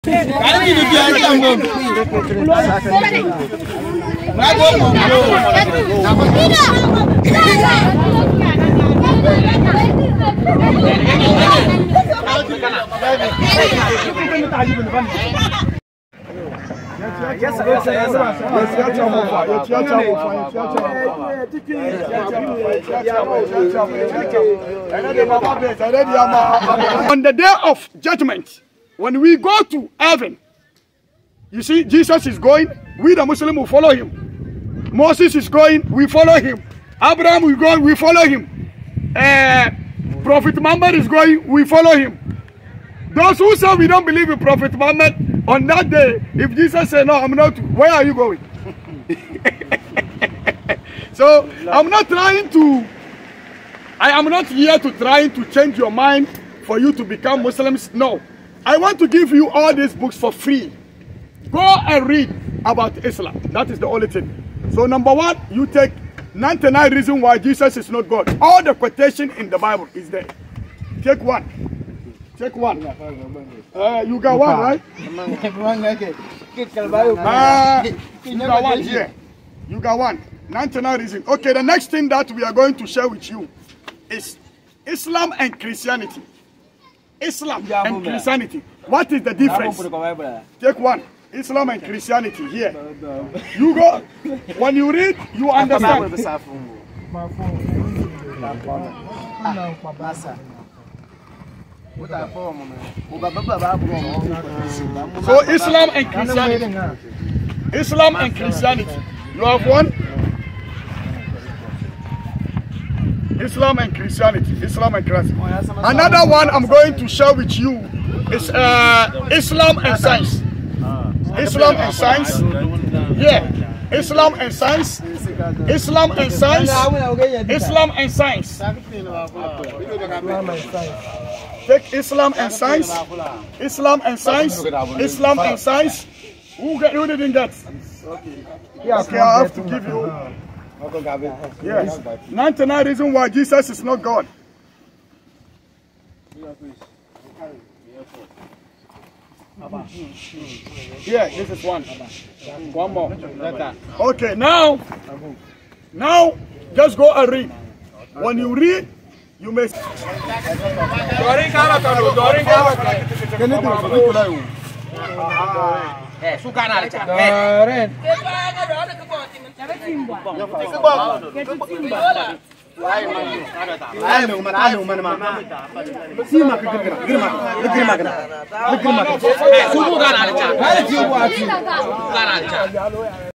On the day of judgment, When we go to heaven, you see, Jesus is going, we the Muslim will follow him. Moses is going, we follow him. Abraham will go, we follow him. Uh, Prophet Muhammad is going, we follow him. Those who say we don't believe in Prophet Muhammad, on that day, if Jesus said, no, I'm not, where are you going? so, I'm not trying to, I am not here to trying to change your mind for you to become Muslims. No. I want to give you all these books for free. Go and read about Islam. That is the only thing. So number one, you take 99 reasons why Jesus is not God. All the quotation in the Bible is there. Take one. Take one. Uh, you got one, right? uh, you got one here. You got one. 99 reasons. Okay, the next thing that we are going to share with you is Islam and Christianity. Islam and Christianity. What is the difference? Take one. Islam and Christianity here. You go. When you read, you understand. So Islam and Christianity. Islam and Christianity. You have one. Islam and Christianity. Islam and Christianity. Another one I'm going to share with you is uh, Islam and science. Islam and science. Yeah. Islam and science. Islam and science. Islam and science. Take Islam and science. Islam and science. Islam and science. Who, get, who didn't get? Okay, I have to give you Yes. Ninety-nine reason why Jesus is not God. Yeah, this is one. One more. Okay, now, now, just go and read. When you read, you may. Eh, suka na alicha.